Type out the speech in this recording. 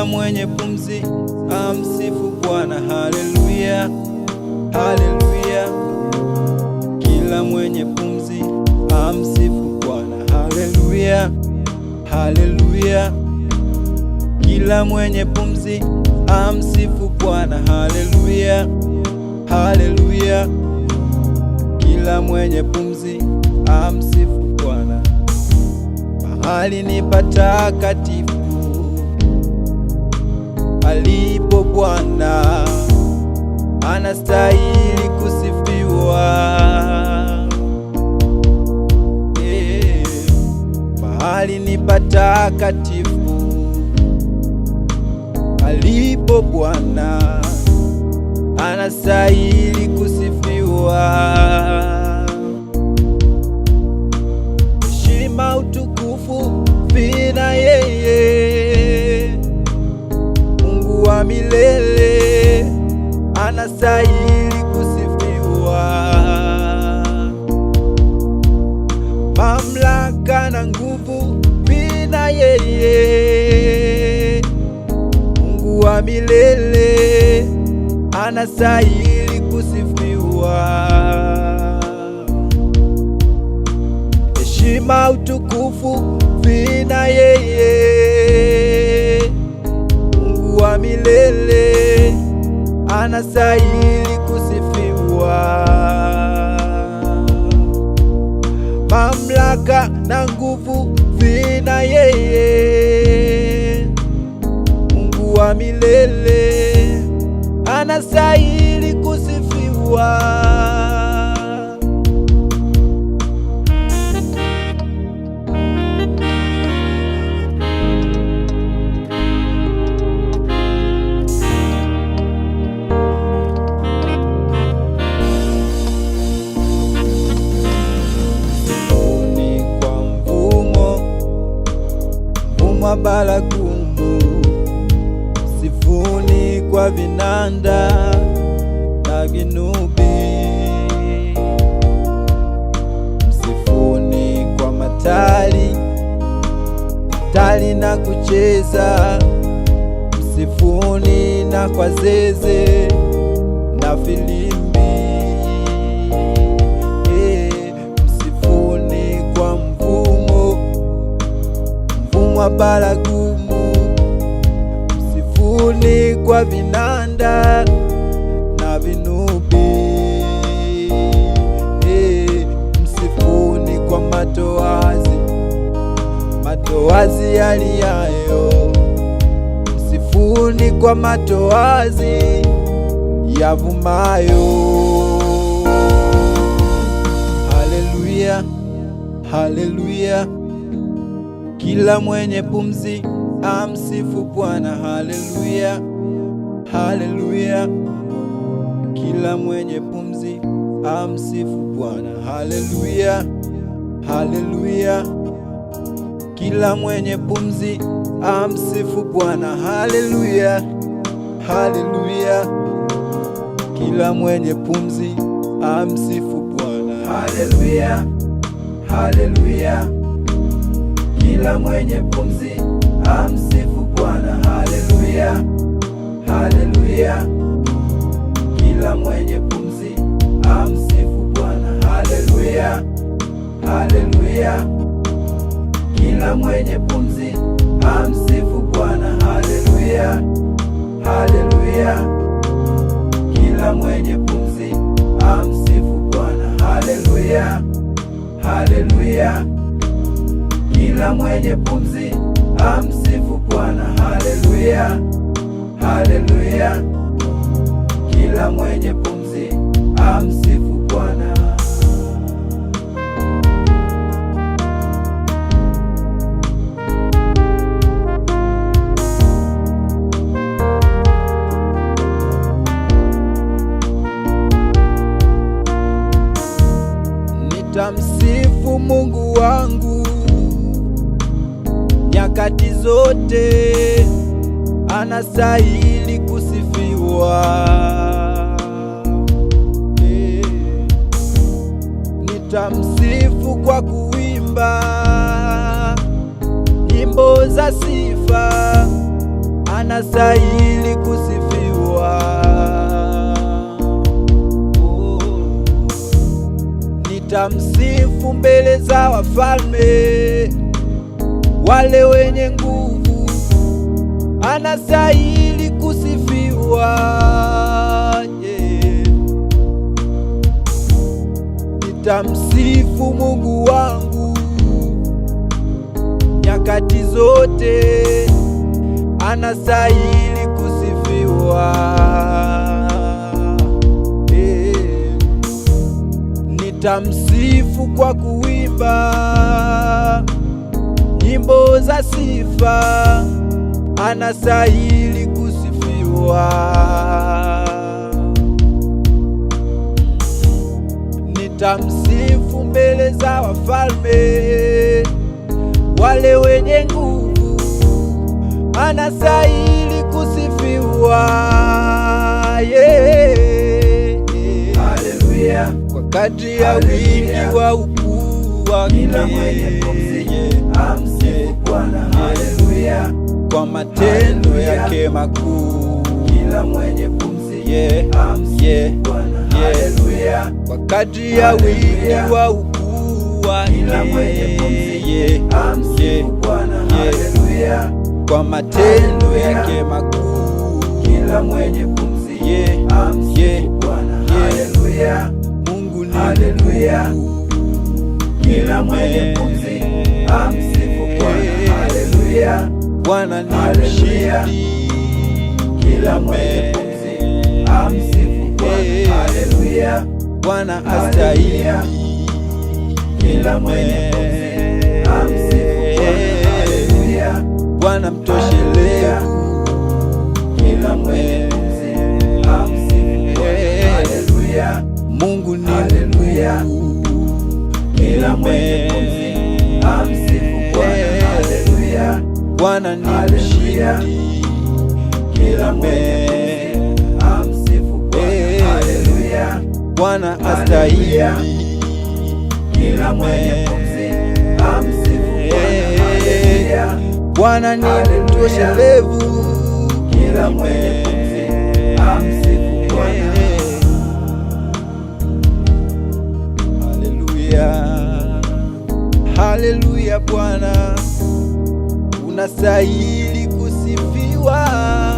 kila mwenye pumzi amsifu Bwana. Haleluya, haleluya, kila mwenye pumzi amsifu Bwana. Haleluya, haleluya, kila mwenye pumzi amsifu Bwana. Haleluya, haleluya, kila mwenye pumzi amsifu Bwana. Mahali ni patakatifu alipo Bwana, anastahili kusifiwa. Eh, mahali ni patakatifu alipo Bwana, anastahili kusifiwa. nguvu bila yeye. Mungu wa milele anastahili kusifiwa. Heshima, utukufu vina yeye. Mungu wa milele anastahili kusifiwa. Mamlaka na nguvu vina yeye. Mungu wa milele anastahili kusifiwa. barabara gumu, sifuni kwa vinanda na vinubi, msifuni kwa matali tali na kucheza, msifuni na kwa zeze na filimi la gumu, msifuni kwa vinanda na vinubi, e, msifuni kwa matoazi, matoazi yaliyayo, msifuni kwa matoazi yavumayo. Haleluya, haleluya. Kila mwenye pumzi amsifu Bwana, haleluya, haleluya. Kila mwenye pumzi amsifu Bwana, haleluya, haleluya. Kila mwenye pumzi amsifu Bwana, haleluya, haleluya. Kila mwenye pumzi amsifu Bwana, haleluya, haleluya kila mwenye pumzi amsifu Bwana. Haleluya, haleluya, kila mwenye pumzi amsifu Bwana. Haleluya, haleluya, kila mwenye pumzi amsifu Bwana. Haleluya, haleluya, kila mwenye pumzi amsifu Bwana. Haleluya, haleluya kila mwenye pumzi amsifu Bwana. Haleluya, haleluya, kila mwenye pumzi amsifu Bwana. Nitamsifu Mungu wangu nyakati zote anastahili kusifiwa. Eh, nitamsifu kwa kuimba nyimbo za sifa, anastahili kusifiwa. Oh, nitamsifu mbele za wafalme wale wenye nguvu, anastahili kusifiwa yeah. Nitamsifu Mungu wangu nyakati zote, anastahili kusifiwa yeah. Nitamsifu kwa kuimba za sifa, anastahili kusifiwa. Nitamsifu mbele za wafalme, wale wenye nguvu, anastahili kusifiwa. Kwa kadri ya wingi wa ukuu wake Bwana, haleluya, kwa matendo yake makuu, kila mwenye pumzi yeah, yeah, Bwana, haleluya, kwa kadri ya wingi wa ukuu wake, kila mwenye pumzi yeah, yeah, Bwana, haleluya, kwa matendo yake makuu, kila mwenye pumzi yeah, yeah, Bwana, haleluya, Mungu ni haleluya, kila mwenye pumzi Haleluya, Bwana ni mshindi, kila mwenye pumzi amsifu Bwana. Haleluya, Bwana astahili, kila mwenye pumzi amsifu Bwana. Haleluya, Bwana mtoshelea, kila mwenye pumzi amsifu Bwana. Haleluya, Mungu ni Haleluya, kila mwenye pumzi amsifu Bwana. Bwana ni mshindi, kila mwenye amsifu Bwana. Eh. Haleluya. Bwana astahili, kila mwenye eh. eh. amsifu Bwana. Bwana ni mtosherevu, kila mwenye amsifu Bwana. Haleluya, haleluya Bwana unastahili kusifiwa.